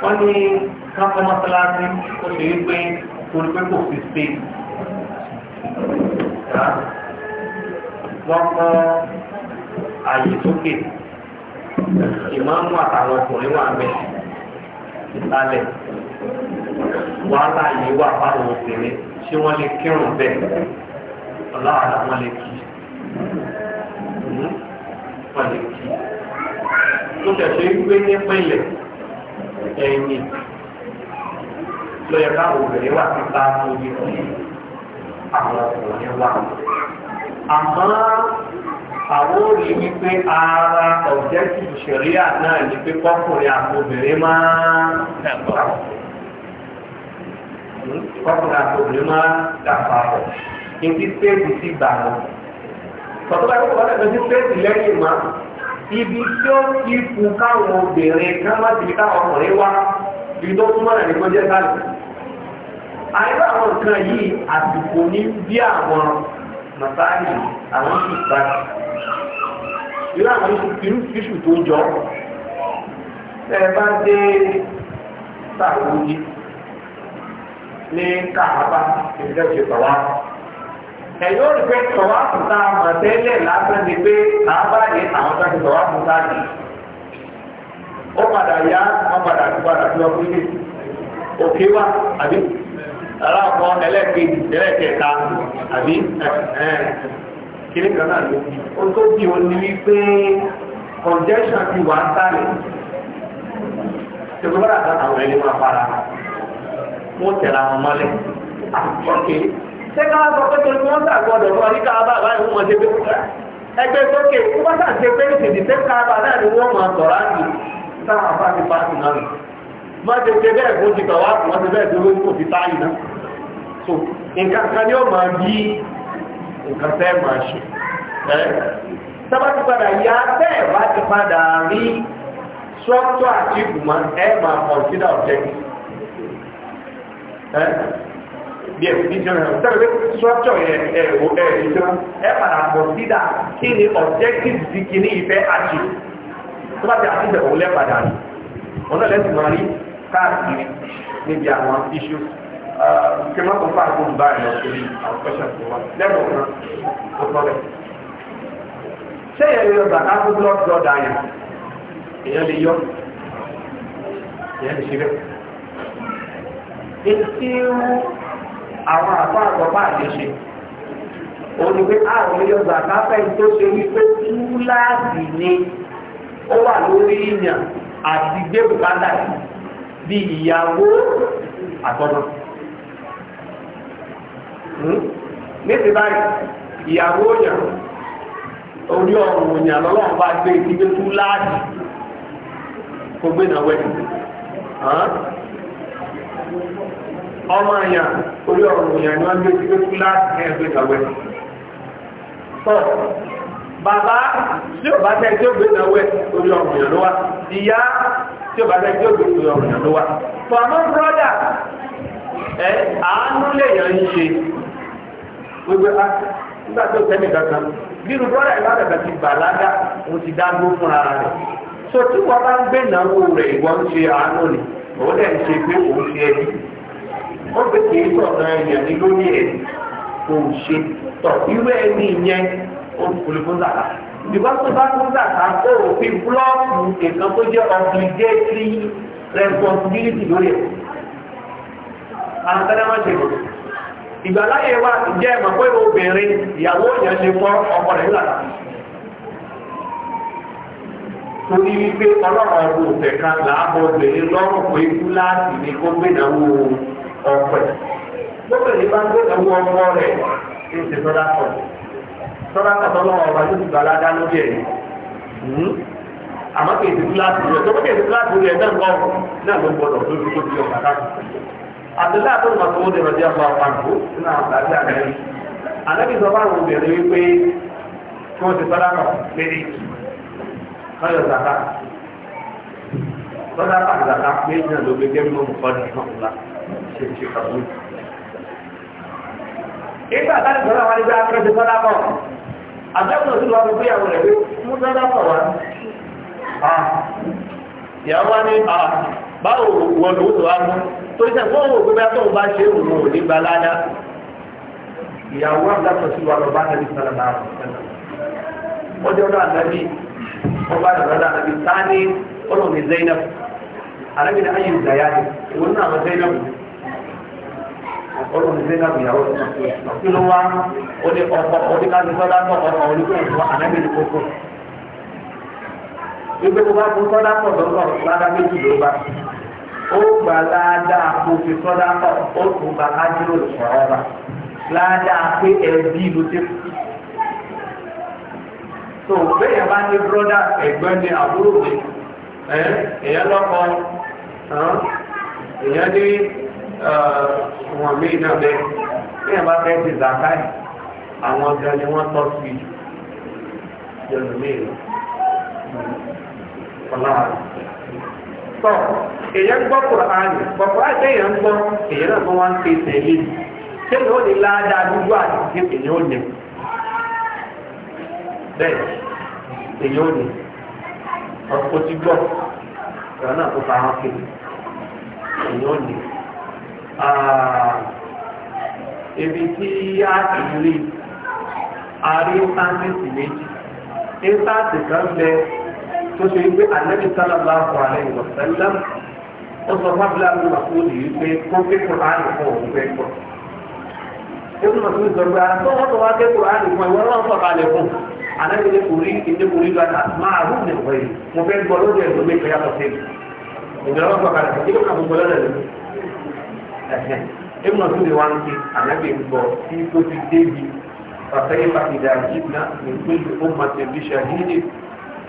wọ́n ní káfọ́ mọ́sálásí ó ṣe é pé torí pé kò sí space wọ́n kọ́ àyè sókè ìmáàmù àtàwọn ọkùnrin wà mẹ́ ìsàlẹ̀ wàhálà yìí wà fáwọn obìnrin ṣé wọ́n lè kírun bẹ́ẹ̀ ọlọ́run àwọn lè kí pàtàkì tó tẹ̀sẹ̀ wípé ní pínlẹ̀ ẹ̀yìn lọ́yẹ̀ káwọn obìnrin wà nípa níbi tí àwọn ọkùnrin wà. àmọ́ àwọn òrì wípé ara ọ̀jẹ́tì ìṣẹ̀ríà náà ní pé kọ́kùnrin àtòbìnrin máa dàgbà kọ́kùnrin àtòbìnrin máa dàgbà pọ̀ ní pípé ìdí sí gbà tọ́tọ́lá kó wọ́n lẹ́nu sí pẹ́ẹ́sì lẹ́yìn ma ibi tí ó ti fún káwọn obìnrin kan má ti káwọn ọkùnrin wá ibi tó túmọ̀ náà ní kó jẹ́ sáàlì àìrọ̀ àwọn nǹkan yìí àsìkò ní bí àwọn màsáàlì àwọn sì bá irú àwọn irú fíṣù tó ẹ̀yìn ó rí pé tọ́wáàpù tá a mọ̀ tẹ́lẹ̀ lásán ni pé àbá ní àwọn tó ti tọ́wáàpù tá a nì. ó padà yá wọ́n padà tó padà tó ọkùnrin ní òkè wa àbí aláàkọ́ ẹlẹ́ẹ̀kejì ẹlẹ́ẹ̀kẹta àbí kiri kan náà ló bí ó tó bí o ní wípé congestion ti wà ń sálẹ̀ ṣùgbọ́n àwọn ẹni máa para wọn tẹ̀ra wọn mọ́lẹ̀ àkọ́kẹ́. Ah, ṣé ká sọ pé torí wọ́n ṣàgbọ́dọ̀ fún ọdí káàbà báyìí wọ́n mọ̀ ṣe pé ẹgbẹ́ sókè kó bá ṣà ṣe pé ìṣèdí ṣé káàbà náà ni wọ́n máa sọ̀rọ̀ àti táwọn afá ti pa sí náà má ṣe ṣe bẹ́ẹ̀ fún ti kàn so nǹkan kan ni ó máa yí nǹkan tẹ́ máa ṣe sábà ti padà yá bẹ́ẹ̀ bá ti padà rí structure àti bí ẹ̀kú ní jẹun ẹ̀rọ tẹ́lẹ̀ pé structure yẹn ẹ̀rọ ẹ̀rọ ìjọ ẹ padà bọ̀ sídà kí ni objective ti kí ní ìfẹ́ àjì tó bá ti àti ìbẹ̀wò lẹ́padà rí wọn náà lẹ́sìn máa rí káàkiri níbi àwọn iṣu uh, kí wọ́n tó fà kó bá ẹ̀rọ torí àwọn pẹ́ṣẹ̀ tó wà lẹ́wọ̀n kan tó tọ́ bẹ̀. ṣé ìyẹn àwọn àpá àgbọ̀pá àjọṣe olùgbé àrùn ilé ọgbà káfẹ́ tó ṣe wípé túláàsì ni ó wà lórí ìyàn àti gbé bùkátà bí ìyàwó àtọ́nà hmm? níbi báyìí ìyàwó òyàn orí ọ̀rùn òyàn lọ́lọ́run bá gbé ìdígbé túláàsì kò gbé náà wẹ̀ ọmọ anya, orí ọ̀rùn yẹn ni wọ́n gbé sí láti ní ẹgbẹ́ ìgbàwẹ́. bàbá tí ó bá tẹ́ tí ó gbé ìgbàwẹ́ orí ọ̀rùn yẹn ló wá ìyá tí bá tẹ́ tí ó gbé orí ọ̀rùn ló wá. ẹ àánú lèèyàn ń ṣe gbogbo ah, nígbà tó kankan ti mo ti dá gbó fúnra rẹ̀ tí wọ́n bá ń gbé ìnáwó rẹ̀ ìwọ́n wọ́n fi kì í sọ̀rọ̀ ẹ̀yàn ní lórí ẹ̀ kò ṣe tọ̀ irú ẹni yẹn ó kúlẹ̀ fún zàkà ìdìbò tó bá fún zàkà kó o fi búlọ́ọ̀kù nǹkan tó jẹ́ obligatory responsibility lórí ẹ̀ àǹtẹ̀rẹ̀ má ṣe kò ìgbàláyè wa jẹ́ ẹ̀mọ̀ pé obìnrin ìyàwó yẹn ṣe fọ́ ọkọ rẹ̀ nígbà torí wípé ọlọ́run ọdún òfẹ́ kan làábọ̀ obìnrin lọ́rùn pé kúláàsì ni kó gbé náà wò ó ọ̀pẹ̀ lókè ní bá ń gbé ẹ̀wù ọmọ rẹ̀ kí n ti sọ́dá pọ̀ sọ́dá pọ̀ lọ́wọ́ ọba yóò ti gbà ládá lórí ẹ̀ hmm? àmọ́ kì í ti kíláàsì rẹ̀ tó kì í ti kíláàsì rẹ̀ náà kọ́ náà ló gbọdọ̀ tó ti tóbi ọ̀gá káàkiri àtẹlẹ́ àtọ́nù máa tọwọ́ dẹ̀rọ̀ díẹ̀ fún àpàǹkó nínú àwọn àgbàdì àgbẹ̀rẹ̀ àlẹ́bí sọ fáwọn obìnrin wípé kí wọ́n ti sọ́dá pọ̀ lé lọ́dá àgbàtà pé náà ló gbé gẹ́gẹ́ mọ́ mọ́ ní ọ̀la ṣe ṣe kàwé. ìgbà tá ìgbà wà nígbà akẹ́kọ̀ọ́ ti sọ́dá bọ̀ àtẹ́kùn òsì lọ́wọ́ fún ìyàwó rẹ̀ pé mú sọ́dá bọ̀ wá. ìyàwó wa ní báwo wọ lòó tó wá mú tó ṣe fún òwò gbígbá tó ń bá ṣe òun sí wa lọ nàbí sọ́dá bá wọ́n jẹ́ ọ̀dọ́ àgbàbí wọ́n bá nàbí sáni Zainab alábi ní ayé ìgbà yá ni ìwọ náà àwọn zainabu ọlọ́run zainabu yàwó kí ló wá ó ní ọkọ ọdún ká ní sọ́dá tó ọkọ onígbò ìfọ́ alábi ní kókó gbogbo tó bá fún sọ́dá pọ̀ lọ́kọ̀ lára méjì ló bá ó gbà ládàá kó fi sọ́dá pọ̀ ó tún gbà ájúrò lọ́wọ́ bá ládàá pé ẹbí ló ti kú so bẹ́ẹ̀ bá ní brọ́dà ẹ̀gbọ́n ni àbúrò mi ẹ̀yẹ́ lọ́kọ èèyàn ní wọn míì náà bẹ bí ẹ zakai àwọn ọjà ni wọ́n tọ́ sí jẹnu míì lọ ọlọ́run sọ èèyàn gbọ́ kùránì bọ̀kùrá jẹ́ èèyàn gbọ́ èèyàn náà wọ́n ń ṣe tẹ̀lé ṣé ni ó lè láadáa dúdú àti bẹ́ẹ̀ èèyàn ò lè ọ̀pọ̀ ti gbọ́ ọ̀rọ̀ náà tó fa wọn kéde èyí ò ní. ibi tí a ti rí a rí sáńtẹ̀sì méjì ìsáàtì kan bẹ tó ṣe wípé ànábì sálábà fún ààrẹ ìwọ̀sẹ́lẹ̀ ó sọ fábílà ní màsúlù ke pé kó kékeré ààrẹ fún òun fẹ́ pọ̀. ó ní màsúlù sọ pé àtọ́wọ́tọ̀ wá kékeré ààrẹ fún ìwọ́n náà sọ̀kalẹ̀ fún un anabi ní kò rí ìdí kò rí lọ àti máa rú ní ìwé yìí mo fẹ́ gbọ́ lóde ẹ̀ lómi ìfẹ́ yàtọ̀ sí mi ìgbà wọn gbọ́kàlà kí ló kà gbogbo lọ́dọ̀ mi ẹ̀hẹ́n ìmọ̀ tó lè wá ń ké anabi gbọ́ tí tó ti débi fàtẹ́yìn pàtìdà jìnnà ní pínlẹ̀ ọmọ tẹ̀lé ṣàdídì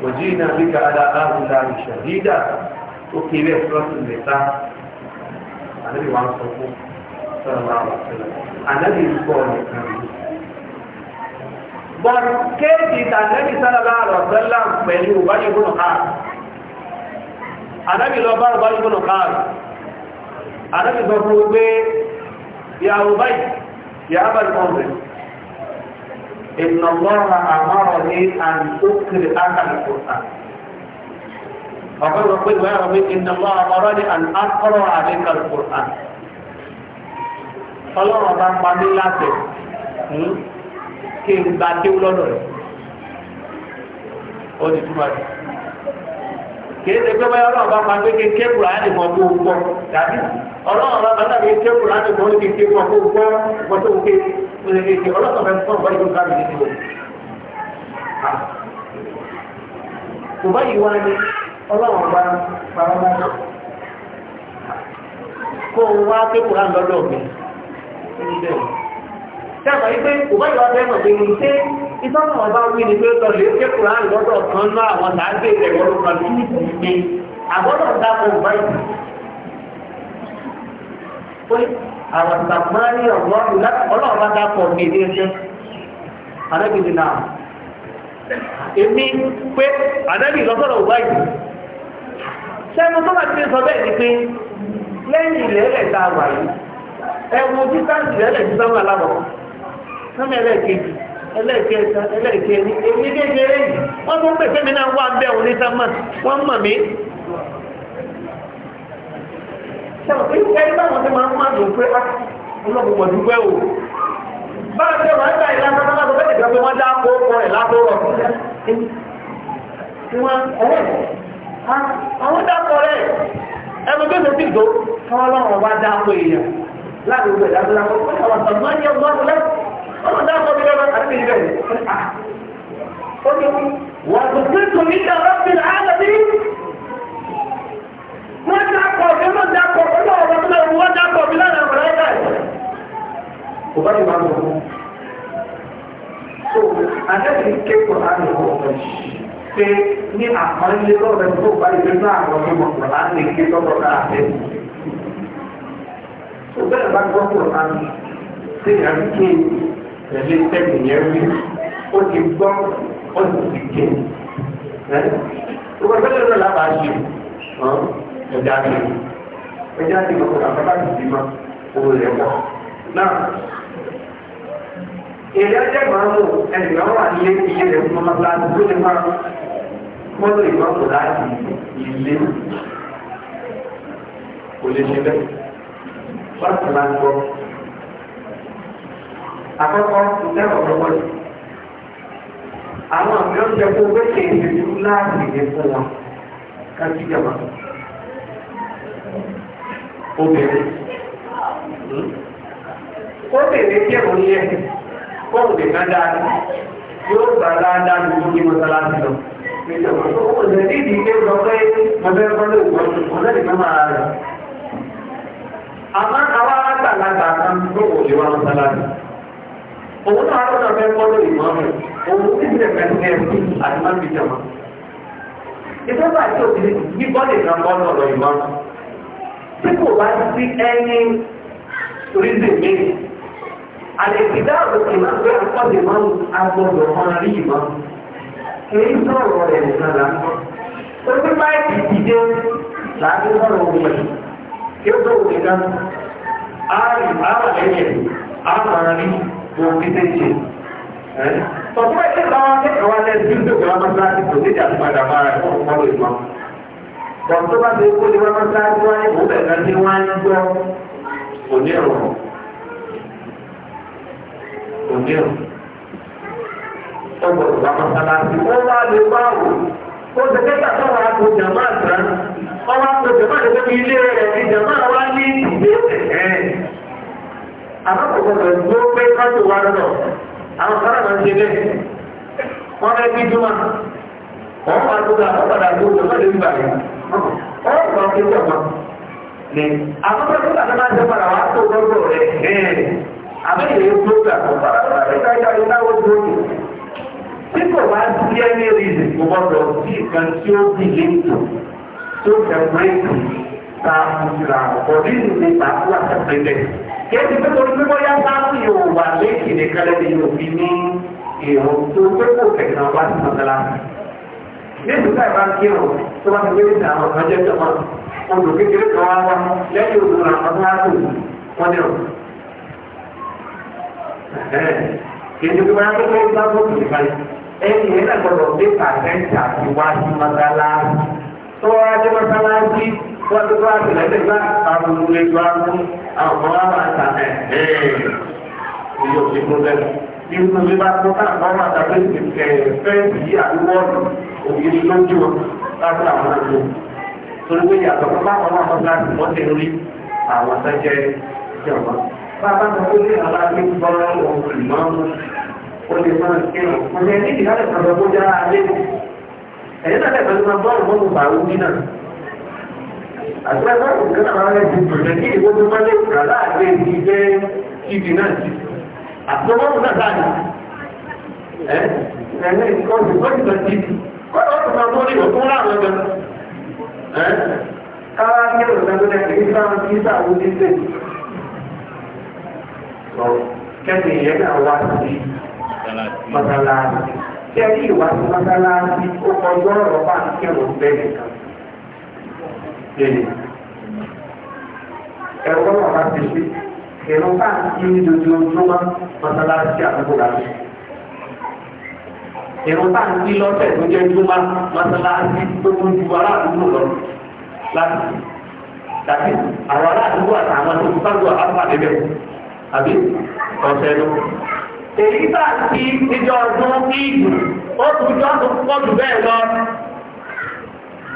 وجينا بك على هؤلاء شهيدا وكيف ṣùgbọ́n kéèkì tàbí sálàbà àrọ̀sẹ́lá pẹ̀lú ìbájúgbónà káàkiri àdábì lọ bá ìbájúgbónà káàkiri àdábì sọ fún gbé ìyàwó báyìí ìyàwó ìkọ̀ọ̀rẹ̀ ìnàlọ́ra àmọ́rọ̀ ní àǹtókèrè ákàlùkọ̀ta ọ̀pẹ́ sọ pé ìwé àwọn ìnàlọ́ra àmọ́rọ̀ ní àǹtókèrè ákàlùkọ̀ta ọlọ́run bá pa ní láti kéwù gba kéwù lọ́dọ̀ rẹ̀ ó ti túmọ̀ rẹ̀ kìí ṣe pé báyọ̀ ọlọ́run bá máa gbé ké ké kura láti mọ̀ kó o gbọ́ tàbí ọlọ́run bá máa gbé ké kura láti mọ̀ ké ké mọ̀ kó o gbọ́ mọ̀ tó o ké o lè ké ọlọ́run bá fún ọ̀gbọ́n ìlú káàdì nínú o. kò bá wá ní ọlọ́run bá pàrọ̀ bá náà kó o wá ké lọ́dọ̀ mi tí a sọ wípé kò bá ìwà fẹ́ mọ̀ pé mo ṣe ìtọ́nà ọba wí ni pé tọ́ lè ké kúrò àrùn lọ́dọ̀ kan náà àwọn tàbí ìrẹ̀wọ̀ ló kan ní ìgbé àgbọ́dọ̀ dáko báyìí. pé àwọn sàmárì ọ̀gbọ́n mi láti ọlọ́run bá dáko mi ní ẹgbẹ́ àdébìdì náà. èmi pé àdébì lọ́sọ̀rọ̀ báyìí. sẹ́nu tó bá ti sọ bẹ́ẹ̀ ni pé lẹ́yìn ilẹ̀ ẹ̀lẹ́ta wà yìí ẹ̀wọ̀n títà ìlẹ̀ sọ́mọ ẹlẹ́ẹ̀kejì ẹlẹ́ẹ̀kẹta ẹlẹ́ẹ̀kẹni èmi kékeré yìí wọ́n tún pèsè mi náà wà bẹ́ẹ̀ òní sámà wọ́n mọ̀ mí. sọ̀rọ̀ pé ẹni báwọn ti máa ń máa dùn pé ah, ọlọ́run mọ̀ dúpẹ́ o. bára ṣe wà nígbà ìlànà náà lọ́dọ̀ bẹ́ẹ̀ nìkan pé wọ́n dá kó kọ ẹ̀ lábọ́rọ̀. àwọn dákọ̀ rẹ̀ ẹnu bí mo ti dò káwọn ọlọ́run wá dá kó èèyàn láàrin ìgbẹ̀dá ọmọ náà kọ́ mi lọ́wọ́ àti ìbẹ̀ yìí. ó ní wà á dùn tó ní ìdáwọ́ sí i á lọ́bí. wọ́n dákọ̀ ọ̀dọ́ náà dákọ̀ ọ̀dọ́ ọ̀dọ́ tó lọ́wọ́ wọ́n dákọ̀ mi lọ́nà ọ̀rẹ́ náà. kò bá yìí máa lọ fún. so àtẹ́sí kékòó àná ọ̀pọ̀ ṣe ní àpọ́nlé lọ́rẹ̀ tó bá ìgbé náà lọ sí ọ̀pọ̀ láti ké lọ́rọ̀ náà àtẹ́ Òbẹ́rẹ̀ bá gbọ́ pọ̀ náà, ṣé ìyàrá ké tẹ̀lé tẹ́lẹ̀ yẹn rí ó ti gbọ́ ó ti ti jẹ ẹ́ ìwọ ìgbésẹ̀ náà lábàá ṣe ẹ̀dá ṣe ẹ̀dá ṣe kọ̀kọ̀ kàkọ́ bá ti di ma owó rẹ̀ wà. náà èrè ẹjẹ́ máa ń mú ẹnìkan wà ní ilé rẹ̀ fún ọmọ láti tó lè máa mọ́tò ìgbọ́kù láti ilé kò lè ṣe bẹ́ẹ̀. wọ́n ti máa ń gbọ́ àkọ́kọ́ ìdáwọ̀ lọ́wọ́ ni àwọn àmì ọ̀jẹ̀ kó owó ṣe ìṣẹ́jú láàbì ní fún wa kájú jàmá obìnrin obìnrin tí ẹ̀rọ ní ẹ̀ fóun lè ká dáadáa yóò gbà dáadáa ní ojú mọ́sálásí lọ ìjọba tó kọ́ ọ̀sẹ̀ nídìí ilé lọ pé mo fẹ́ kọ́ lóògùn ọ̀sẹ̀ máa rẹ̀ àmọ́ àwọn àgbàlagbà kan tó wò lè wá mọ́sálásí òun náà lọ́dọ̀ fẹ́ kọ́lọ̀ ìmọ̀ọ́mù òun sì ń tẹ̀fẹ́ ní ẹ̀kú àti má fi jẹun. ìjọba àti òbí ní bọ́ọ̀lì kan kọ́ lọ́dọ̀ ìmọ̀ọ́mù. tí kò bá sí ẹni rízì mi àlèkìdá òkè máa fẹ́ akọ́dé máa ń agbọ́dọ̀ máa rí ìmọ̀ọ́mù. kìí sọ̀rọ̀ rẹ̀ nìkan lásán. ó ní báyìí ó tó òun nìkan. a rí àwọn ẹ̀yẹ̀ mo kété ṣe. Sọ̀tún ẹ̀ ṣe bá wá kẹ́kọ̀ọ́ wá lẹ́nu bí gbogbo wa máa ń láti kò níjà tó padà bá rẹ̀ fún ọmọ ìmọ̀. Dọ̀tún bá ti kó ní wá máa ń láti wá ní òun bẹ̀rẹ̀ ní wá ń gbọ́ onírun. Ó gbọ́dọ̀ bá máa ń Ó wá lè bá wò. Ó ti kẹ́kọ̀ọ́ tó wà kó jàmbá àgbà. Ọwọ́ àpò jàmbá àdébẹ́bí ilé rẹ̀ ni jàmbá wa ní ìgbésẹ̀ àbábọ̀gbọ̀ rẹ̀ ló pé kájú wa lọ àwọn sára máa ń ṣe bẹ́ẹ̀ wọ́n fẹ́ bí júmọ́ wọ́n máa tó ga wọ́n padà gbó lọ́wọ́ lórí bàrẹ̀ wọ́n gbọ́ pé jọ̀gbọ́ ni àwọn tó ga tó máa ń ṣe padà wá tó gbọ́gbọ́ rẹ̀ bẹ́ẹ̀ àbẹ́yẹ̀ ló gbà kọ́ padà wọ́n fẹ́ kájú àwọn ìdáwó dúró tí kò bá sí ẹni rí ìgbọ́dọ̀ sí ìkan tí ó bí lẹ́tọ̀ tó fẹ́ pẹ́ẹ́kì ta ìtura ọ̀dí ìdílé kéde pé torí pé bóyá sáàtì yóò wà léèkì nìkan lẹ́nu yóò fi ní èrò tó pé kò fẹ̀kìnà wá sí mọ́tàlá. Níbi táì bá ń kírun tó bá ti gbé ìdá àwọn kan jẹ́ jọmọ́, odò kékeré kan wá wá lẹ́yìn odò náà wọ́n wá tó wọ́n dẹ̀ wọ́n. Kéde pé bóyá kékeré bá tó kì í báyìí, ẹni yẹn náà dé pàṣẹ àti wá sí mọ́tàlá. Tó wá dé mọ́tàlá sí wọ́n tó bá tilẹ̀ ní bá àwọn olùgbé tó á mú àwọn àwọn àtàlẹ̀ ẹ̀ẹ́ ìyóò ti kú bẹ́ẹ̀. bí wọ́n ti bá tó ká àwọn àtàlẹ̀ ẹ̀ fẹ́ẹ̀sì yìí àdúgbò ògiri lójú láti àwọn àjò. torí pé yàtọ̀ fún báwọn náà wọ́n láti wọ́n ti rí àwọn àtẹ́jẹ́ ìjọba. bàbá mi kó ní àwọn akéwọ́ ohun ìmọ̀ ó lè máa ṣe é. ọ̀sẹ̀ àgbẹ̀fẹ́ òkúta rẹ̀ ti pẹ̀lẹ̀ kí ìwọ́n tó máa lè rà láàrin ti jẹ́ ibi náà ti àtọwọ́pù náà sáà ní ẹ̀ ẹ̀lẹ́ ìkọ́ ìgbọ́ ìgbà ti kọ́lá ọ̀pọ̀ máa tó ní ọ̀tún láàrin ọ̀gá ẹ̀ káwá ní ọ̀sán tó lẹ́yìn ní sáà ní sáà ló ti sè kẹ́sì ìyẹn náà wá sí mọ́sálásí kẹ́sì ìwà sí mọ́sálásí ó kọjú ọ̀rọ̀ bá ń kẹ́rù bẹ́ẹ̀ nìkan lẹ́nu ẹ̀rọ ọ̀pá ti ṣe ẹ̀rọ bá kí ní dojoojúmọ́ mọ́sálásí àdúgbò láti ẹ̀rọ bá kí lọ́sẹ̀ tó jẹ́ júmọ́ mọ́sálásí tó kún ju aráàlú lọ láti tàbí àwọn aráàlú àtàwọn tó bá lọ àbá lẹ́bẹ̀ àbí ọ̀sẹ̀ lọ. èyí bá kí níjọ ọdún kí ìlú ó tún jọ́ tó pọ̀ jù bẹ́ẹ̀ lọ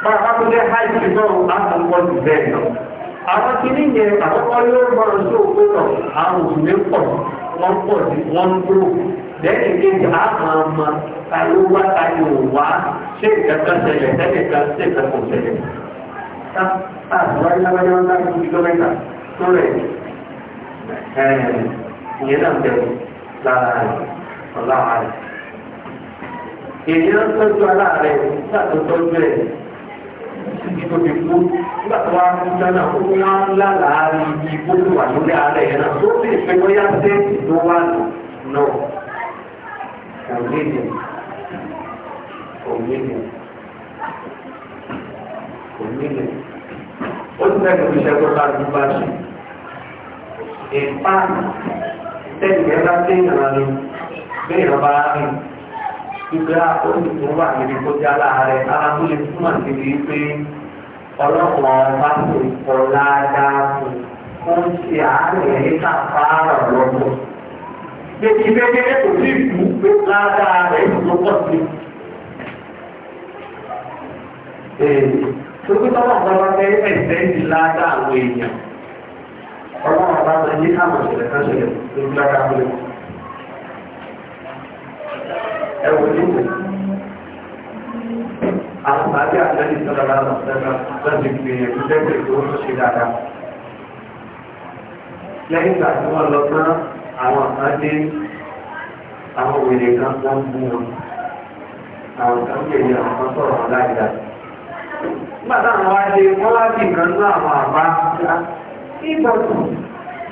bàbá tó jẹ́ háìsì náà àtàkọ́ ti bẹ́ẹ̀ lọ. àwọn kìíní yẹn àkọ́kọ́ yóò gbọ́dọ̀ sí òkú lọ àwọn òṣèlú pọ̀ wọ́n pọ̀ sí wọ́n dúró lẹ́yìn kejì àwọn ọmọ tayó wá tayó wá ṣé ìkẹ́kẹ́ ṣẹlẹ̀ ẹnìkan ṣé ìkẹ́kọ̀ọ́ ṣẹlẹ̀. àtúwájú lábẹ́yẹ́ wọn láti fi dọ́mẹ́ta tó rẹ̀ ìyẹn náà bẹ̀rù lára rẹ̀ ọ̀la rẹ̀. èyí ló tọ́jú aláàrẹ̀ nígbà tó tọ́jú ẹ̀ ibi tó ti kú nígbà tó wá kú la, ó wá ń lálàá rí ibi tó ti wà lórí ààrẹ yẹn náà tó lè fẹ́ bóyá sẹ́ẹ̀tì tó wà lò náà kò lè dè kò lè dè kò lè dè ó ti fẹ́ kí iṣẹ́ tó bá ti bá ṣe ìpá tẹ́lẹ̀ bá dé ìrànlọ́ bẹ́ẹ̀ rọ̀ bá rìn ìgbà ó sì tún wà níbi kó já láàárẹ̀ ara tó lè túmọ̀ síbi pé ọlọ́pàá ọba ti kọlá dáàbò ó ń àárẹ̀ nípa fáárà lọ́wọ́. Bẹ́ẹ̀ni bẹ́ẹ̀ kò sí ìlú pé ládàá rẹ̀ ló pọ̀ sí. Tòkítọ́ náà bá wá ẹ̀sẹ̀ ní ládàá àwọn èèyàn. Ọlọ́run bá sọ ní káwọn ìṣẹ̀lẹ̀ kan ṣẹlẹ̀ lórí ládàá àwọn Ẹ wò ní ìwé àwọn tàbí àtẹ́lì sọ́dọ̀lá ọ̀sẹ̀lá lọ́dún gbìyànjú lẹ́gbẹ̀ẹ́ tó ń ṣe dáadáa. lẹ́yìn ìgbà tí wọ́n lọ tán àwọn kan dé àwọn òwèrè kan tó ń bú wọn àwọn kan pè ní àwọn kan sọ̀rọ̀ wọn láìda. nígbà táwọn wá dé wọ́n wá bí nǹkan ní àwọn àbá ìgbà tó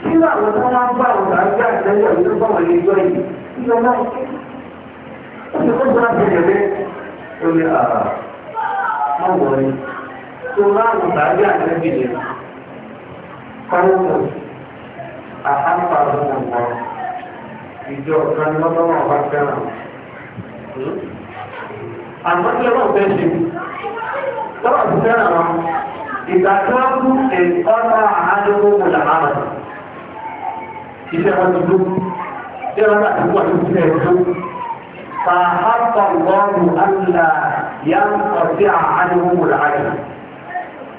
kí làwọn tó máa ń bá àwọn tàbí àtẹ́lì ọ̀sẹ̀ bọ̀wọ̀ lè jọ yìí ìjọba ó ti kó mọ̀wọ́ ni tó láwọn tàbí àtẹ́bí yẹn kọ́wọ́ àhápà lọ́wọ́ ìjọ kan lọ́wọ́ bá fẹ́ràn àmọ́ tí ọlọ́run fẹ́ ṣe lọ́wọ́ tó fẹ́ràn wọn ìgbà tí wọ́n kú ẹ̀kọ́ta àádọ́gbọ̀n mọ̀lá àmà iṣẹ́ wọn ti yanqati'a anhum al-ajr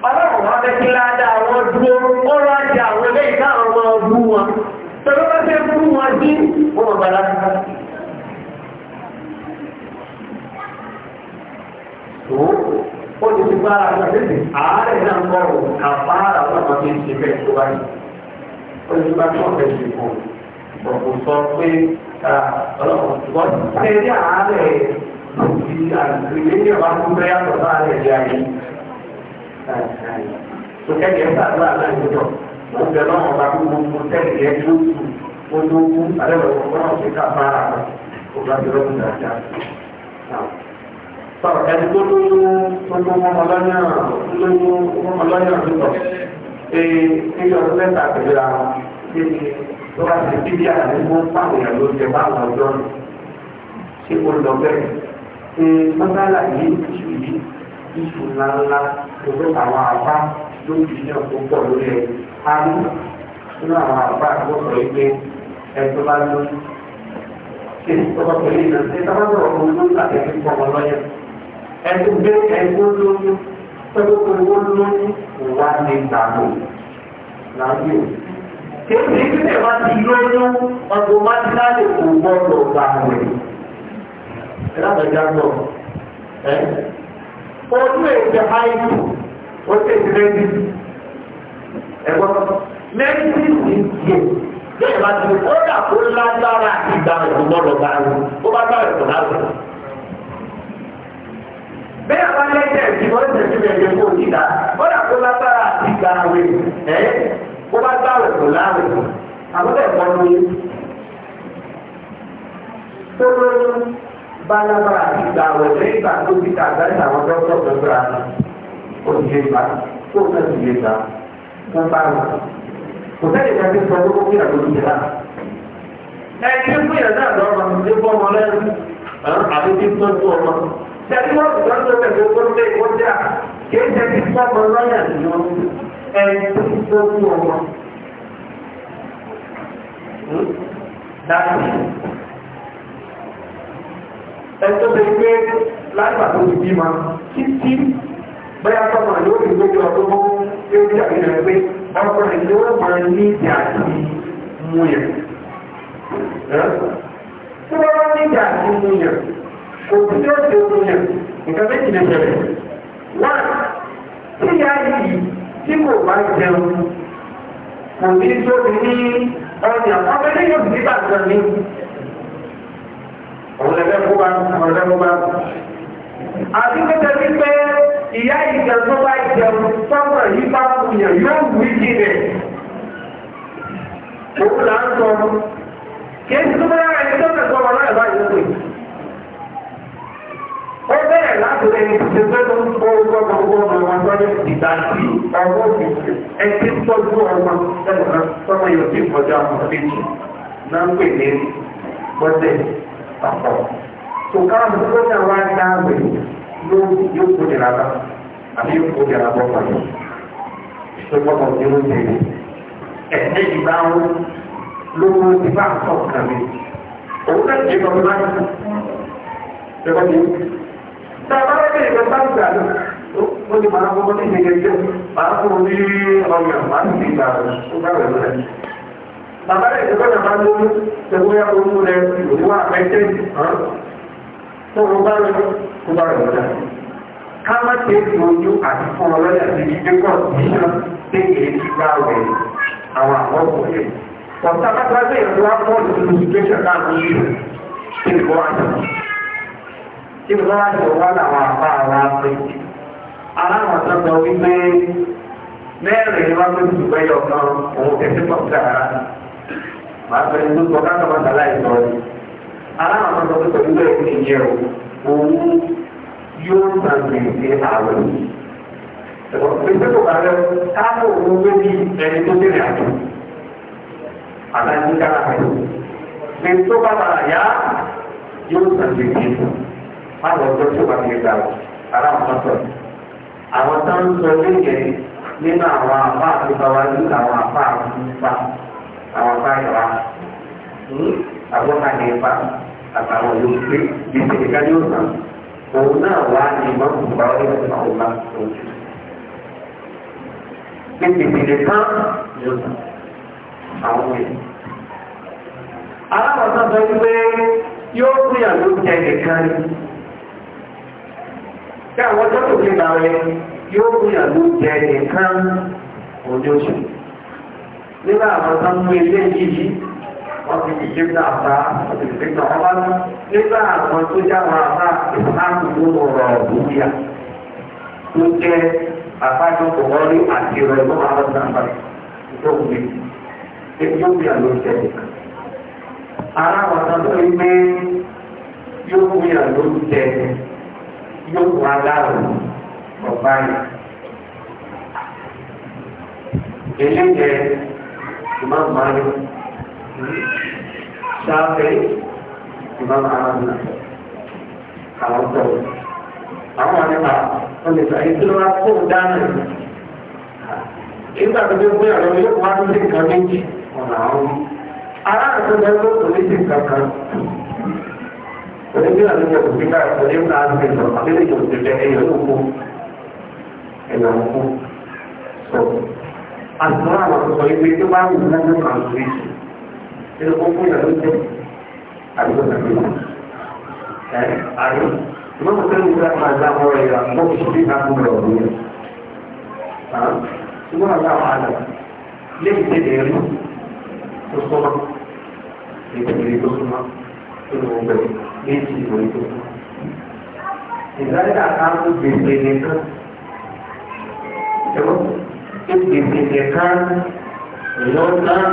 ọlọ́run wọn fẹ́ kí ládàá wọn dúró ó rájà àwọn ilé ìdáhùn wọn bú wọn tọ́lọ́ bá fẹ́ bú wọn dí wọn bàlá ó ti ti bá ara rẹ̀ lẹ́sìn ààrẹ náà ń bọ̀ àfáàrà ọlọ́pàá ti ń ṣe bẹ́ẹ̀ tó báyìí ó ti bá tó ọ̀fẹ́ ṣe kù ọ̀pọ̀ sọ pé ah, ọlọ́pàá ti bọ́ ṣe ní ààrẹ di àgbègbè wa tó bẹ́ẹ̀ yàtọ̀ bá rẹ̀ di ayé. Sọ̀kẹ́kẹ́ sàdúrà náà ń jọ. Mo bẹ̀ lọ́wọ́ bá gbogbo mo tẹ̀lé ẹ tó kù. Mo ló kú àdébọ̀tò náà ṣe ká bá ara rẹ̀. Mo bá ti lọ́kùn dáadáa. Sọ̀rọ̀ ẹni tó lóyún tó lóyún ọmọlọ́yà lóyún ọmọlọ́yà lọ́tọ̀. Ṣé o lọ bẹ́ẹ̀? pé mọ́sálà yìí ìṣù yìí ìṣù ńláńlá pẹ̀lú àwọn àbá lójú ní ọ̀pọ̀ pọ̀ lórí ẹ̀ ámú nínú àwọn àbá àgbọ̀sọ̀ yìí pé ẹ̀tọ́ bá lọ ṣe tọ́kọ pẹ̀lú ìlànà ṣe tọ́kọ sọ̀rọ̀ fún ló ń tàbí fi pọ̀ wọn lọ́yẹ̀ ẹ̀tọ́ gbé ẹ̀tọ́ lóyún pẹ̀lú owó lóyún wà ní ìgbàgbọ́ láàbí ò kéèké tí ẹ̀ ti lóyún ọ̀tọ̀ máa ti láàyè kò gbọ́dọ̀ gbàgbọ́ ẹ̀lábẹ̀já gbọ́ ẹ́ ojú èdè haiku ó tẹ̀ sí lẹ́dí ẹ̀gbọ́n lẹ́dí sí ìdíyẹ bẹ́ẹ̀ bá ti ó dà kó lágbára ìgbà ẹ̀kọ́ gbọ́dọ̀ bá rú ó bá bá ẹ̀kọ́ lábẹ́ bẹ́ẹ̀ bá lẹ́jẹ̀ tí wọ́n tẹ̀ sí ẹ̀jẹ̀ kó níta ó dà kó lágbára ìgbà rẹ̀ ẹ́ ó bá bá ẹ̀kọ́ lábẹ́ àbúrò ẹ̀kọ́ lóyún tó lóyún balabala ti gba àwẹ̀ lẹ́yìn ìgbà tó ti ta àgbáyé àwọn dọ́kítọ̀ gbẹgbẹ́ àná ó ti lè gbà ó náà ti lè gbà ó bá wọn. kò sẹ́yìn ìgbà tó sọ pé ó kúrò àgbò ìjẹ̀lá. ẹni tí fún ìyàtọ̀ àgbà ọmọ ti fọ́ ọmọ lẹ́nu àbí tí fún ọtún ọmọ. sẹ́yìn wọ́n ti tọ́jú ọ̀sẹ̀ tó tó lé ìkọjá kí ẹ jẹ́ kí fún ọmọ lọ́yà lọ ẹni tó ti tọ́jú ọmọ ẹ̀tọ́ tẹ́ pé láìpà tó ti bí ma títí bẹ́yà sọ́mà yóò rí lójú ọdún tí ó jẹ́ àríyàn pé ọkùnrin ni ó máa ní ìdí àti mú yẹn tí wọ́n bá ní ìdí àti mú yẹn kò tí ó ṣe mú nǹkan méjì lè ṣẹlẹ̀ wọ́n tí ìyá yìí tí kò bá jẹun kò ní tó ní ọ̀nà ọmọdé yóò bí bàtà ní ọ̀rẹ́fẹ́ kó bá ọ̀rẹ́fẹ́ kó bá. àti pẹ́tẹ́ sí pé ìyá ìjẹ tó bá jẹun sọ́kọ̀ yìí bá kùnyàn yóò wù í kí rẹ̀. òun là ń sọ kìí tó bá yára ẹni tó tẹ̀sọ́ wọn láì bá yóò pè. ó bẹ̀rẹ̀ láti ẹni tó fẹ́ tó ń kó gbọ́dọ̀ gbọ́dọ̀ ọmọ sọ́dọ̀ ìgbà tí ọwọ́ òfin ẹtí tọ́jú ọmọ ẹ̀rọ sọ́mọ yóò ti kọjá ọmọ méjì náà ń pè ní bọ́tẹ̀ papọ̀ tó káwọn tó náà wá dá àwẹ̀ yóò kó nira bá àbí yóò kó nira bọ́ pàdé tó gbọ́dọ̀ ní ó tẹ̀lé ẹ̀ẹ́dẹ́ ìgbà wọn lówó ti bá sọ̀ kàn mí òun náà ti gbọ́dọ̀ bá yẹn tó gbọ́dọ̀ yẹn tá a bá wọ́n kéde ìgbà bá gbà lọ ó ti máa ń gbọ́dọ̀ ní ìgbẹ́jẹ́ máa ń kó ní ọyàn máa ń ti ó bá wẹ̀ lọ́dẹ̀ bàbá rẹ̀ tó bẹ̀rẹ̀ bá lóyún tó bóyá oyún rẹ̀ ìwà mẹ́tẹ́ tó ń bá rẹ̀ kó bá rẹ̀ lọ́dà. ká má ṣe é fi ojú àti fún ọlọ́yà sí jíjẹ́ pọ̀ nígbà tí èyí ti gbá rẹ̀ àwọn àkọ́kọ̀ rẹ̀. ọ̀tá bàbá rẹ̀ tó wá pọ̀ nínú situation náà ní ìlú ni ni wọ́n á jọ wá làwọn àbá ara ìgbẹ́yọ̀ náà òun tẹ̀sí pọ̀ sí ara màá fẹ́ ní tó ká kọ́ bàtà láì sọ ni aláwọ̀ kan sọ pé pẹ̀lú bẹ́ẹ̀ ní ìyẹn o òun yóò san gbèsè àwẹ̀ gbèsè tó bá rẹ káàkó òun gbé bí ẹni tó tẹ̀lé àjò àtàkùn kára pẹ̀lú gbèsè tó bá bàrà yá yóò san gbèsè má lọ sọ tó bá ti gbà o aláwọ̀ kan sọ àwọn táwọn sọ lẹ́yìn nínú àwọn àfáà tó bá wá ní àwọn àfáà tó bá àwọn fáyà àwọn àyẹ̀fà àtàwọn olùgbé bí sèkà yóò sàn òun náà wà ní ìmọ̀kùn bá ọ̀rẹ́ ìfà ọ̀la lójú. Bí tètè tán yóò sàn àwọn èèyàn. Aláwọ̀ sọ sọ wípé yóò fún ìyàwó jẹ nìkan ni. Bí àwọn tó kò fi bàwẹ̀ yóò fún ìyàwó jẹ nìkan òjòṣù nígbà àwọn tó ń mú ilé yìí wọ́n ti fi gbégbá àbá wọ́n ti fi gbégbá ọba lọ nígbà àwọn tó jáwọ́ àbá ìfúnáàkù tó rọrọ̀ òwúyà tó jẹ́ àbájọpọ̀ wọlé àti ìrọ̀ ìlú àwọn ọ̀dàmbà tó ń gbé yóò bí àlọ́ ìṣẹ̀lẹ̀ kan. ara wọn tó ń gbé yóò bí àlọ́ ìṣẹ̀lẹ̀ yóò wá dáhùn ọ̀bá yìí. eléyìí Imam Malik, Shafi'i, Imam Ahmad àwọn tó àwọn nípa ọ̀nà ìsàlẹ̀ tí wọ́n kó dáná yìí. Nígbà tó dé pé ọ̀rọ̀ yóò wá sí nǹkan méjì ọ̀nà àwọn yìí. Aláàrẹ̀ tó bẹ́ẹ̀ ló kò ní sí nǹkan kan. Òní bí wọ́n ti jẹ́ òbí ká àtúnwá àwọn sọ wípé tó bá wù lọ́dún translation tí ó kún fún ìyàwó jẹ́ àdúgbò nàìjíríà ẹ̀ àrí ìmọ̀ tó ń gbà máa gbà wọ́n rẹ̀ yà mọ́ oṣù tí káàkó rẹ̀ ọ̀rọ̀ yẹn ṣùgbọ́n àgbà wà á lẹ́yìn tí èrè rí tó sọ́mọ́ ìgbèrè tó sọ́mọ́ tó ń bẹ̀rẹ̀ ní ìtì ìwòye tó sọ́mọ́ ìdájọ́ àkáńtó gbèsè nìkan gbèsè kan èèyàn ń tán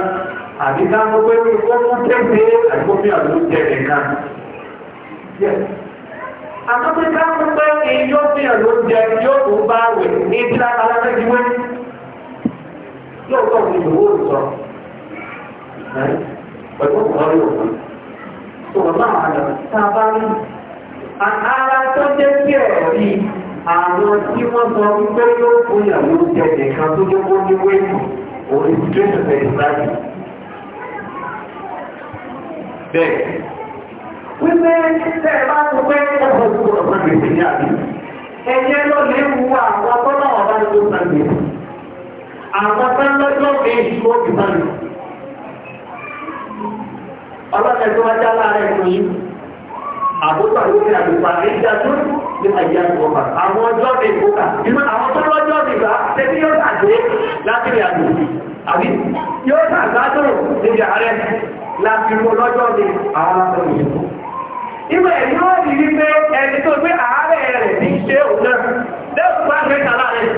àbí ká ń pé kó fún tẹ́gbé àgbófin àlọ́ jẹ nìkan. Àkọ́kọ́ ká ń pé èèyàn fi àlọ́ jẹ yóò tó bá wẹ̀ ní ibi lára alágbèjúwé. Lóòótọ́ ni ìwò òòtọ́. Pẹ̀lú ọ̀rọ̀ yóò fún. Sọ̀rọ̀ náà àlọ́ tá a bá rí. Ara tó jẹ́ sí àwọn tí wọ́n sọ wípé yóò fún ìyàwó jẹ nìkan tó tó kó ní wéèkù òní situation tẹ̀lé báyìí. bẹ́ẹ̀ wípé tẹ́ ẹ bá tó pé ọkọ̀ òkú ọ̀sán gbèsè ní àbí ẹ̀yẹ ló lè wu àwọn akọ́nà ọ̀bá ló sàn gbèsè àwọn akọ́nàjọ́ méjì ó ti sàn gbèsè. ọlọ́kẹ́ tó wájá láàárẹ̀ fún yín àbúrò àti òkè àgbègbè ìjà tó ní ayé àgbọ̀ bá àwọn ọjọ́ mi kó kà inú àwọn tó lọ́jọ́ mi bá tẹ́bí yóò tàgbé láti rí àgbò àbí yóò tàgbádùn níbi ààrẹ láti rú lọ́jọ́ mi àwọn akọ̀wé yìí. Ibẹ̀ yóò rí wípé ẹni tó gbé ààrẹ rẹ̀ ní ṣe òun náà lẹ́kùn bá gbé tàlá rẹ̀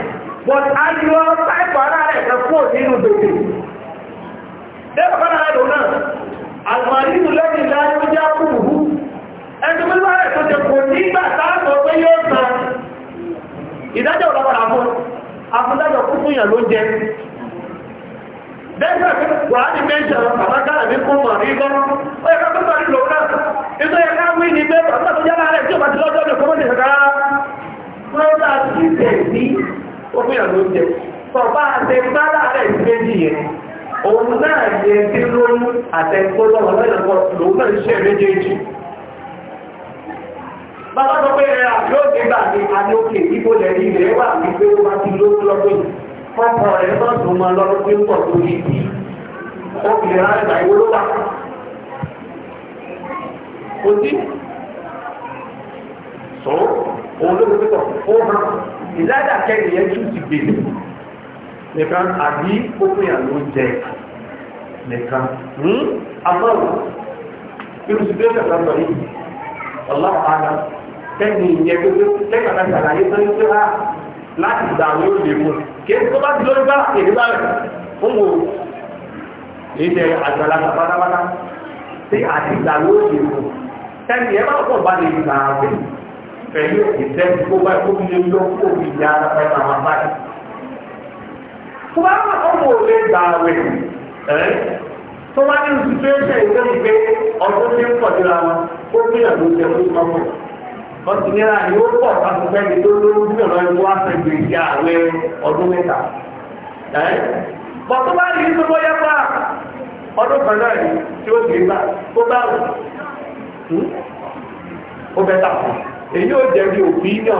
but ariwo táìpù ara rẹ̀ kan kúrò nínú láyé ó já kúrò ẹni tó bá rẹ̀ tó ṣe kò nígbà táàtọ̀ pé yóò san ìdájọ́ ọ̀lọ́pàá fún afúndájọ́ kú fún ìyàn ló jẹ dẹ́gbẹ̀ fún wàhálì méjọ àbákàrà ní kó mọ̀ rí gọ́rọ́ ó yẹ ká tó parí lò náà nítorí ẹ̀ká wí ní pé ọ̀sán tó yára rẹ̀ tí ó bá ti lọ́jọ́ ọdún kọ́mọ́sì kàkà wọ́n bá ti tẹ̀ sí òfin ìyàn ló jẹ bàbá àti bára rẹ̀ ti méjì yẹn òun náà yẹ kí lóyún àtẹ̀kọ́ lọ́wọ́ lọ́yìn lọ́wọ́ lòun náà ń ṣe méjèèjì bàbá sọ pé ẹ̀rà yóò dé gbà ní adókè ìbò lẹ́yìn ilẹ̀ wà ní pé ó bá ti lójú lọ́gbìn fọ́pọ̀ rẹ̀ náà tó máa lọ́rọ́ pé ń pọ̀ tó yí bí obìnrin rárá ìgbà ìwó ló wà. kò sí sọ òun ló fi pọ̀ ó hàn ìlàjà kẹ́rin yẹn tún ti gbèrè nìkan àbí ó àlọ́ jẹ nìkan hmm? àmọ́ irú sí bí ó fẹ́ lọ́sọ̀ yìí ọlọ́run á tẹ́ni ìyẹn tó tó tẹ́kọ̀ọ́ náà ṣàlàyé tó ní tó rà láti gbà wọ́n lè mú kéé tó bá dúró bá èdè bá rẹ̀ fún wo èyí tẹ àgbàlagbà pátápátá tí àti gbà wọ́n lè mú tẹ́ni ẹ bá pọ̀ bá lè gbà wọ́n pẹ̀lú ìfẹ́ tó bá tó fi lè lọ kó fi ya ẹ̀ máa báyìí. ní ìsúté ṣe ìgbẹ́ ìgbé ọdún tí ń pọ̀ síra wọn ó gbìyànjú jẹ́ fún ọmọ lọ́sí náírà yóò pọ̀ láti fẹ́ mi tó lórí bí ọ̀nà ìlú àfẹ́gbè ìyá àwẹ̀ ọdún mẹ́ta. bọ̀tọ́ bá rí tó bọ́yá bá ọdún kan náà ni tí ó gbé bá tó bá wù hmm? ó bẹ́ tà fún èyí ò jẹ́ bí òbí náà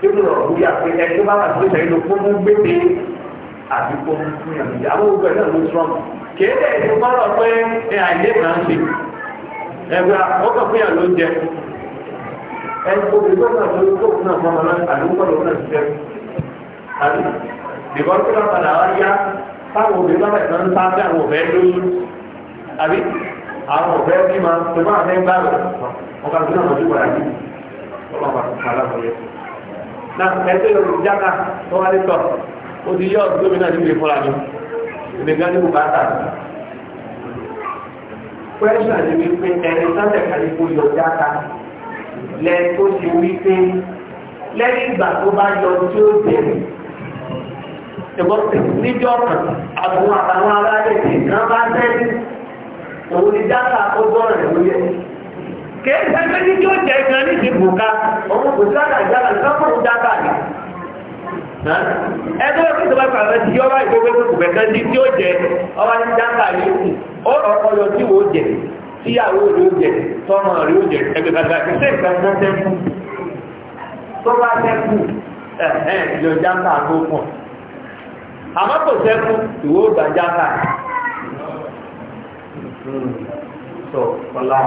nínú ọ̀rọ̀ wí àpé ẹni tó bá wà sí ìṣẹ́yìn ló fún mú gbégbé àti fún mú ìyàwó gbogbo ló ẹni obìnrin tó náà lórí tó náà mọ́ ọmọ náà tàbí pọ̀ lọ́wọ́ náà ti fẹ́ tàbí bìbọn tó náà padà wá yá táwọn obìnrin bábà ìtàn ń sáájú àwọn ọ̀fẹ́ lóyún àbí àwọn ọ̀fẹ́ bí máa tó máa fẹ́ gbà rẹ̀ ọkà tó náà mọ̀jú wàrà yìí ọlọ́run bá kàkà lábọ̀yẹ. náà ẹgbẹ́ yorùbá jáka tó pẹ́ṣà ni wípé ẹni sáńtẹ̀ kàlífò yọ jáka lẹ́yìn tó ti wí pé lẹ́yìn ìgbà tó bá yọ tí ó bẹ̀rẹ̀ ṣùgbọ́n níbi ọ̀kan àbùn àtàwọn aráyé tí kan bá tẹ́lẹ̀ òun ni dáta ó dọ́rẹ̀ lóyẹ. kìí sẹ́gbẹ́ ní kí ó jẹ́ gan ní ìdìbò ká òun kò sáà ìjára ìsọ́kùnrin dáta ni. ẹgbẹ́ òkú tó bá pàṣẹ ti yọ wá ìgbẹ́gbẹ́ kò ní tí ó jẹ ọwọ́ ní dáta yìí ó rọ̀ ọyọ tíyàwó rẹ̀ ó jẹ tọ́mọ rẹ̀ ó jẹ ẹgbẹ̀ bàbá ìṣẹ́ ìgbàgbọ́ tẹ́kù tó bá tẹ́kù ẹ̀hẹ́n ìjọ jáńtà tó pọ̀ àmọ́ kò tẹ́kù ìwó ìgbà jáńtà sọ ọ̀la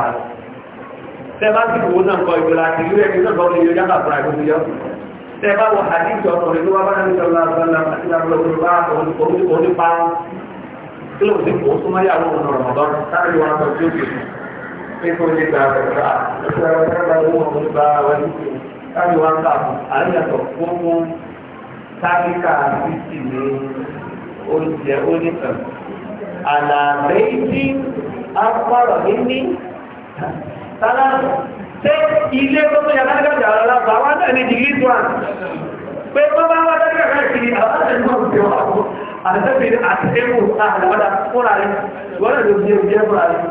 tẹ́bátì wo náà kọ ìjọra kì í rẹ̀ kí náà kọ́ ìjọ jáńtà fúnra ìjọ yọ tẹ́bá wọ àdíjọ ọkùnrin tó wá bá náà ń sọ kí ló ń dín kó súnmọ́ yàrá òun ọ̀rọ̀ mọ̀dọ́ sáré wọn lọ sí òkè pé kó lè gba ẹ̀ka ẹ̀ka ẹ̀ka owó ọ̀hún gba wọn ní kí sáré wọn kà fún àríyàtọ̀ gbogbo sáríkà títì ní oúnjẹ oníkan àlàbẹ́ ìdí akọ́rọ̀ níní tálá ṣé ilé tó tó yàrá gàgà ọ̀la bàwá náà ní dìgírì tó à pé bọ́ bá wá dájú àkáàkiri àwọn àtẹnumọ̀ òkè wà àtẹ́bìnrin àti ẹ̀mù àgbàdà fúnra rẹ̀ wọ́n lè bí ẹ̀mù ẹ̀mùra rẹ̀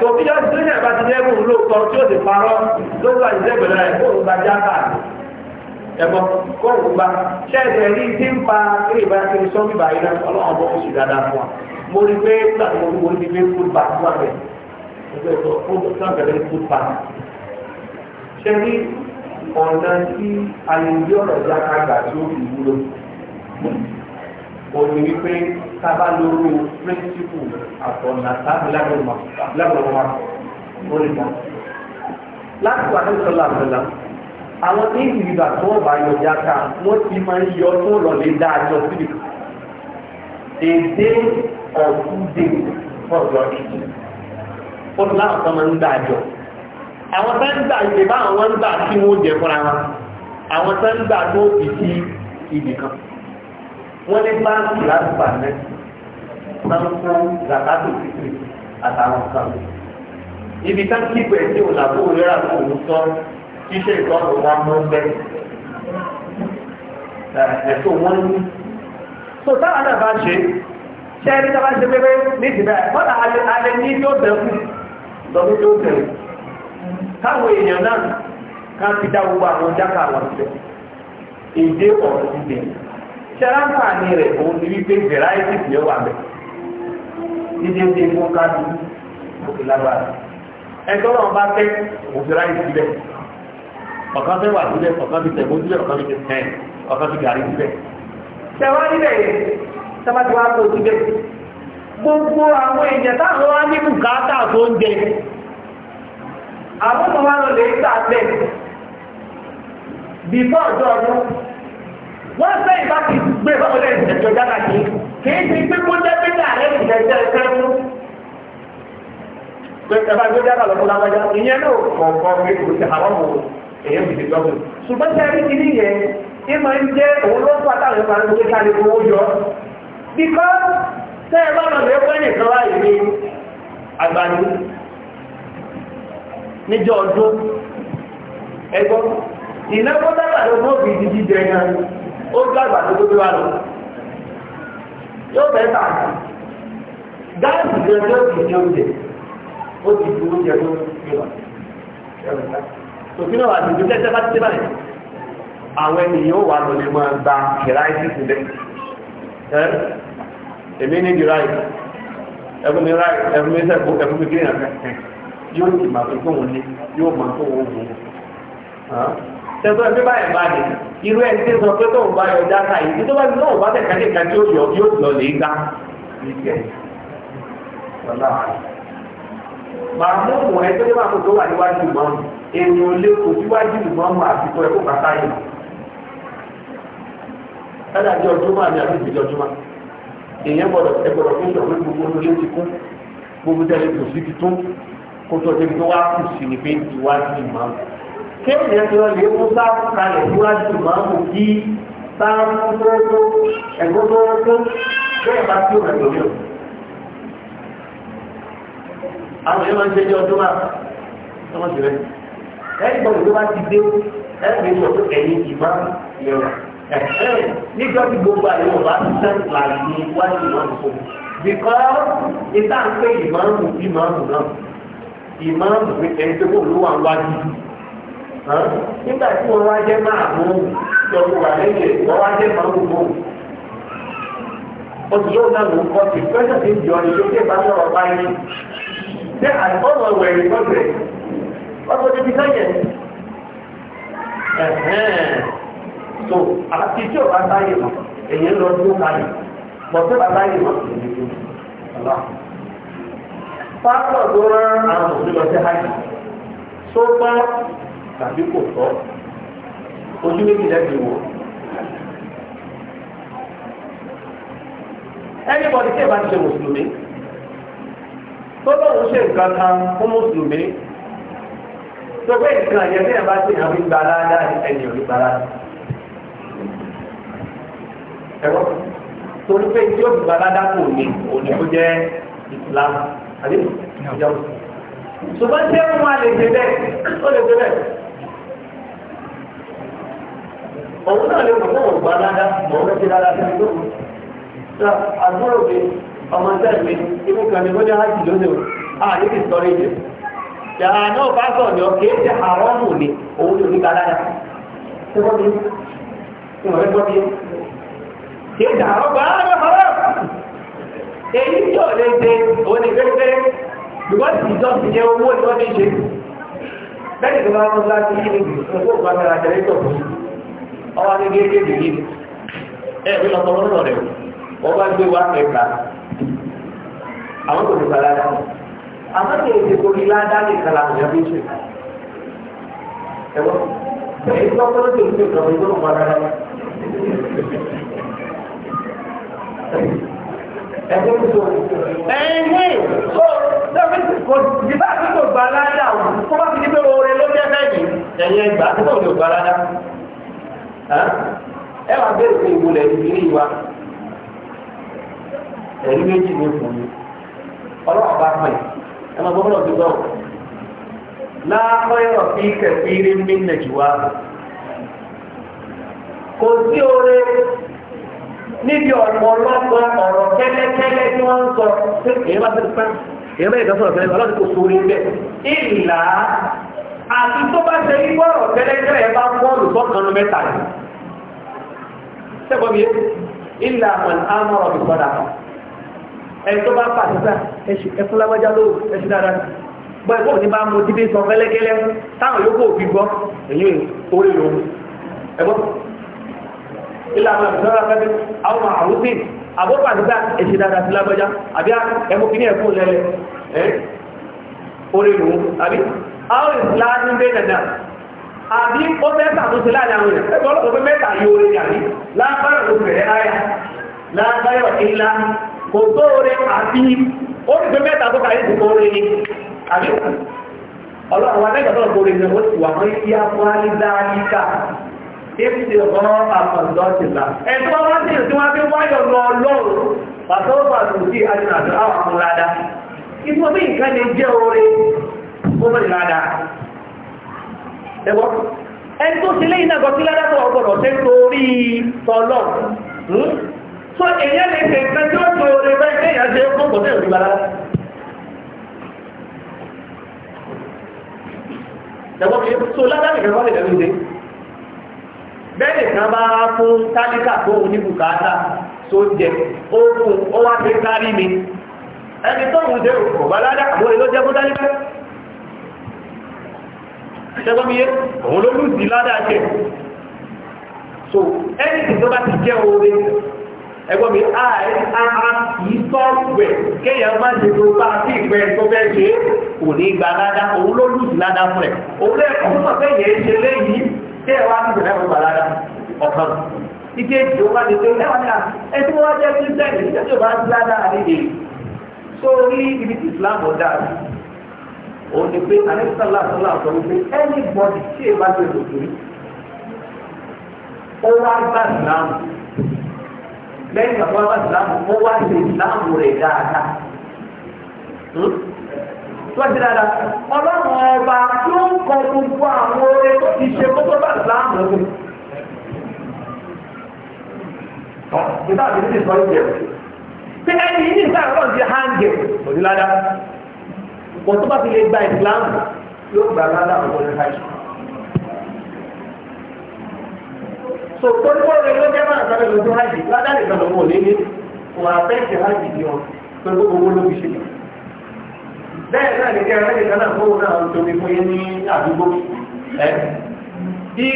tó bí yọ sí ní ẹ̀bá ti ní ẹ̀mù lóòótọ́ tí ó ti parọ́ lóòótọ́ ìdẹ́gbẹ̀rẹ̀ rẹ̀ kó òun gba jáka ẹ̀bọ̀ kó òun gba ṣẹ́ẹ̀dẹ̀ ní tí ń pa kiri ìbá kiri sọ́mí báyìí náà ọlọ́run bọ́ oṣù dáadáa fún wa mo rí pé láti mo tí ó fi wúlò òní wípé sábà lórí píríncípù àtọ̀nà lábẹ́rọ̀mà oríta. láti wà ní sọ́lá àbẹ̀lá àwọn tí ìgbìgbà tó wọ́n bá yọ jáka wọ́n ti máa ń yọ tó lọ́lé dáadọ́ síbi èdè ọ̀túndé fọ́jọ́ ìjì ó láwọn kan máa ń dáadọ́ àwọn tó ń gbà ìgbà àwọn ń gbà tí wọ́n jẹ fúnra wọn àwọn tó ń gbà tó fi sí ibì kan wọ́n ní báńkì láti bà náà sanko zakato fitiri àtàwọn kan ibi táǹkì ìgbẹ́ tí ò làbó rírà tó ń sọ ṣíṣe ìtọ́nù wọn mú bẹ́ẹ̀ ẹ̀sùn wọn ní. so táwọn náà bá ṣe ṣe ẹni tó bá ṣe pépé ní ìdìbẹ́ kọ́nà alẹ́ ní yóò bẹ̀rù lọ́dún yóò bẹ̀rù káwọn èèyàn náà ká fi dá àwọn jákà wọn sílẹ̀ èdè ọ̀rọ̀ ti bẹ̀rù ṣẹ́ráńpà ni rẹ̀ òun ni wípé variety ti yẹ wà bẹ̀ dídé dé fún káàdì òkè lágbára ẹjọ́ náà bá tẹ́ òun variety síbẹ̀ ọ̀kan fẹ́ wà síbẹ̀ ọ̀kan fi tẹ̀gbọ́n síbẹ̀ ọ̀kan fi tẹ̀ ọ̀kan fi gàrí síbẹ̀ ṣẹ̀wá níbẹ̀ yẹn sábàtì wá kó síbẹ̀ gbogbo àwọn èèyàn táwọn wá ní bùkátà tó ń jẹ àwọn kan lọ lè gbà bẹ́ẹ̀ bí bọ́ọ̀dọ́ ọdún wọ́n fẹ́ ìbá ti gbé báwọn lẹ́yìn ìṣẹ̀jọ́ dára sí kì í ti gbé kó jẹ́ pé ààrẹ ìṣẹ̀jọ́ ẹ̀fẹ́ mú. pé ẹ̀fà gbé dára lọ́kọ́ lágbájá ìyẹn náà kọ̀ọ̀kan pé kò ti àwọn ọmọ èèyàn fi ti gbọ́dọ̀. ṣùgbọ́n sẹ́rí ti níyẹn ẹ máa ń jẹ́ òun ló fà táwọn ìfà ń gbé káàdì owó yọ. bíkọ́ tẹ́ ẹ bá lọ lè nìkan láì ní àgbàdo níjọ́ ọdún ẹgbọ́n ìnáwó dábàdàn mọ́ọ̀bì dídí ó gbàgbà tó gbogbo wa lọ yóò bẹ́ẹ̀ tà á gáàsì gan tó ti di oúnjẹ ó ti di oúnjẹ tó ti wà òfin náà àti ìdílé ẹgbẹ́ bá ti dé báyìí àwọn ènìyàn ó wà lọ lè máa gba kìláìsìsì lẹ èmi ní di ráì ẹkún mi ráì ẹkún mi sẹ́kù ẹkún mi kiri yóò ti máa fi kóhùn ní yóò máa kóhùn ògùn tẹ̀sán ẹgbẹ́ báyìí bá dé irú ẹni tí sọ pé tóun bá yọ dáta yìí tó bá ní náà bá tẹ̀ ká nìkan tí ó yọ yóò lọ lè gbá. màmúùmù ẹgbẹ́ tó máa kó tó wà níwájú ìmọ̀ọ́mù èèyàn ò lè kó síwájú ìmọ̀ọ́mù àsìkò ẹ̀kọ́ bàtà yìí. ẹ̀dá jẹ́ ọjọ́mọ́ àti àbí ìbílẹ̀ ọjọ́mọ́ èèyàn gbọ́dọ̀ ẹgbọ́dọ̀ fún ìṣọ̀rọ̀ gbogbo olóyè ti kún gbogbo tẹ̀lé kò sí ti tún kó tó tẹ̀lé tó wá kù sí ní pé ìwájú ìmọ̀ọ́mù kéèyàn ti lọ́lẹ̀ mú sáàpù kalẹ̀ fúrájú máa mú kí sáàpù tó tó ẹ̀gbọ́n tó tó bẹ́ẹ̀ bá tí ó rẹ̀ lórí ọ̀. àwọn èèyàn máa ń jẹ́jọ́ ọdún máa tọ́mọ sí rẹ̀. ẹ̀yìn bọ́ọ̀lù tó bá ti dé ẹ̀gbẹ́ ìwọ̀n tó ẹ̀yìn ìmá ìrẹ̀wà. nígbà tí gbogbo àyẹ̀wò bá ti sẹ́ because ìta ń pè ìmọ̀ ìmọ̀ náà ìmọ̀ ìmọ̀ ẹni tó kò nígbà tí wọ́n wá jẹ́ máa mú ìjọba wà lẹ́yìn wọ́n wá jẹ́ máa mú mú. oṣù yóò náà ló ń kọ́ sí pẹ́sẹ̀ tí ìjọ ni ló dé bá sọ̀rọ̀ báyìí. ṣé àtọ́nà ìwẹ̀ ìkọ́sẹ̀ ọ̀sọ̀ níbi sẹ́yìn so àti tí ọba sáyé mọ èyí ń lọ dúró kalẹ̀ bọ tó bá sáyé mọ èyí tó ọba. pásítọ̀ tó rán àwọn òṣèlú ọjọ́ hajj tó gbọ́ tàbí kò tọ́ ojú méjì lẹ́bi wò. ẹnìbọ̀dì tí ẹ bá ti ṣe mùsùlùmí tó lóun ṣe nǹkan kan fún mùsùlùmí tó pé nǹkan yẹn tí ẹ bá ti hàn gbígbà dáadáa ẹni ò ní gbà láti. ẹ̀rọ torí pé tí ó gbà dáadáa kò ní òní kó jẹ́ ìsìlámù àdéhùn ìjọba. ṣùgbọ́n tí ẹ mú wa lè dé bẹ́ẹ̀ ó lè dé bẹ́ẹ̀ òun náà lè mọ̀ fún ògbà dáadáa òun lè ti dáadáa sí ìlú náà àdúrà òbí ọmọ ìṣẹ́ mi ibi kan ní bóyá láti lónìí o a ní ti sọ ní ìjẹ yàrá náà bá sọ ní ọkẹ́ ṣe àrọ́mù ni òun lè ní dáadáa ṣé wọ́n ti ìwọ̀n rẹ̀ gbọ́ bí ṣe é dàrọ́ gbàrà fọlọ́ èyí tí ò lè ṣe òun ní pẹ́pẹ́ because ìjọ ti jẹ owó ìwọ́n ọwọ́ ní gẹ́gẹ́ bí yìí ẹ ń lọ tọwọ́ lọ rẹ̀ wọ́n bá gbé wá ẹ̀ka àwọn kò ní balá dá àmọ́ ní èdè kò ní ládá ní kàlà àmì àbí ṣe ẹ̀wọ́n èyí tó kọ́ lóde òkú ìjọba ìjọba ìjọba rárá ẹgbẹ́ tó ẹ̀yìn tó lọ́fíìsì kò jìbá àti kò gbà ládá kó bá fi ní pé oore ló ẹ wàá bẹ̀rẹ̀ pé ìwòlẹ̀ ìdílé wa ẹ̀rí méjì ní fún mi ọlọ́wọ́ bá pẹ̀ ẹ máa gbọ́dọ̀ tó gbọ́ láàpẹ̀rọ̀ fi kẹ̀kẹ́ rí mí nàìjíríà kò sí oore níbi ọ̀pọ̀ ọlọ́gbọ́n ọ̀rọ̀ kẹ́lẹ́kẹ́lẹ́ tí wọ́n ń sọ èyí bá yẹ sọ̀rọ̀ kẹ́lẹ́kẹ́lẹ́ ọlọ́dún kò sóore bẹ́ẹ̀ ìlà àti tó bá ṣe yí bọ́ọ̀rọ̀ kẹ́lẹ́kẹ́lẹ́ bá bọ́ọ̀lù sọ́kànnù mẹ́ta yìí sẹ́gbọ́n mi ilà àwọn amọ̀rọ̀ mi gbọ́dà kan ẹni tó bá pa àtúntà ẹfún lágbájá ló ẹṣin dáadáa bọ́ ẹ̀kọ́ ní bá mú dídé sọ fẹ́lẹ́kẹ́lẹ́ táwọn yóò kó òfin gbọ́ èyí orí lòun ẹgbọ́n ilà àwọn ìṣọ́ra fẹ́ àwọn àrùsìn àbọ̀pọ̀ àtúntà ẹṣin àbí ó mẹ́ta tó ṣe láàrin àwọn èèyàn ẹgbẹ́ ọlọ́pọ̀ pé mẹ́ta yóò rí àbí lágbára tó bẹ̀rẹ̀ láyà lágbára ìlà kò tó rẹ àbí ó rí pé mẹ́ta tó kàrí ti kó rí ni àbí ọlọ́run adẹ́gbẹ̀ tó kó rí ni ó ti wà pé kí á fún alídáríkà èyí ti ọ̀gọ́ àpàdọ́tìlá ẹ̀tọ́ wá sí ìsìn wá bí wáyọ̀ lọ lọ́rùn pàtọ́wọ́ àtúntì ẹgbọ́ ẹni tó sílé iná gọtíládá tó ọgbọ̀dọ̀ tẹ́ torí tọ́lọ̀ hmm? so èyẹ́ lè fẹ́ nǹkan tí ó tó orí bẹ́ẹ̀ ní ìyá ṣe so ládá nìkan wọ́n lè dẹ̀rù dé bẹ́ẹ̀ nìkan bá fún tálíkà tó oníbùkátà tó jẹ ó fún ó wá fi kárí mi ẹni tó ń jẹ òkò bá ládá àwọn èlò fún tálíkà ṣẹ́gbọ́míyé òun ló lùsì ládàájẹ́ so ẹni tó bá ti jẹ́ oore ẹgbọ́n mi ara kìí sọ́ọ̀wẹ̀ kéèyàn má ṣe tó bá sí ìpẹ́ tó fẹ́ ṣe kò ní gba ládá òun ló lùsì ládá fún ẹ̀ òun lẹ́ẹ̀kọ́ fún ọ̀fẹ́ yẹn ṣe léyìí kí ẹ wá sí ìpẹ́ fún balada Islam ọ̀dà òun ni pé anẹ́sítàlá àtọ́lá àtọ́ wípé anybody tí èèbá ti rò pé ó wá gbà ìsìláàmù lẹ́yìn ìgbà tó wá gbà ìsìláàmù ó wá ṣe ìsìláàmù rẹ̀ dáadáa hmm? tó ṣe dáadáa ọlọ́run ọba tó ń kọ gbogbo àwọn oore tó ti ṣe kó tó bá ìsìláàmù rẹ̀ ìdáàbí ní ìsọ̀rọ̀ ìjẹ̀wò pé ẹni yìí ní ìsọ̀rọ̀ ìjẹ̀ hàn jẹ̀ òdìládàá bọ̀ tó bá fi lè gba ìsìláàmù yóò gbà ládà ọ̀gbọ́n ní hajj. so torípọ̀ rẹ ló jẹ́ máa sáré lójú hajj ládà nìkan ló wọ̀ lélẹ̀ wọ́n àfẹ́ǹtì hajj ni wọn pẹ̀lú owó ló fi ṣe. bẹ́ẹ̀ náà ní kẹrin lẹ́yìn kanáà fún òun náà ń tóbi fún yín ní àdúgbò ẹ̀ tí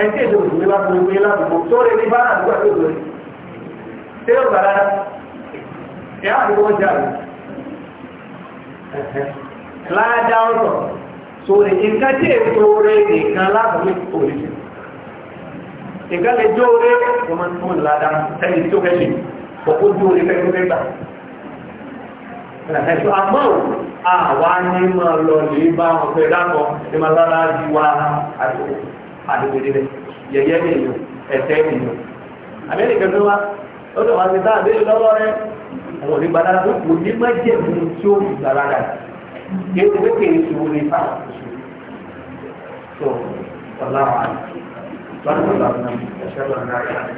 ẹ̀ńtí èdè òṣèlú bá fún yín ládùúgbò tó rẹ ní bá àdúgbò àti òṣèlú tí ó gbà lára ẹ̀ àdúgbò jà rẹ̀ láàdá ọ̀rọ̀ sórí nǹkan tí èso rẹ̀ nìkan láàbùmí òrí nǹkan lè jó rẹ̀ wọ́n máa ń tún láàdá ẹni tó fẹ́ ṣe kọ̀kọ́ jó rẹ̀ fẹ́ fẹ́ gbà ẹ̀sùn àmọ́ àwa ní máa lọ lè bá wọn fẹ́ dákọ̀ ní máa lára ju wa àdìgbèdè rẹ̀ yẹ̀yẹ́ nìyẹn ẹ̀tẹ́ nìyẹn àwọn òní gbadára ló kò ní má jẹ́ ìlú tí ó gbàlára yóò wé kéde ìṣòro ní ìfà tó ọ̀la wà lọ́dún tó bá wọn ṣẹ́gun náà yára.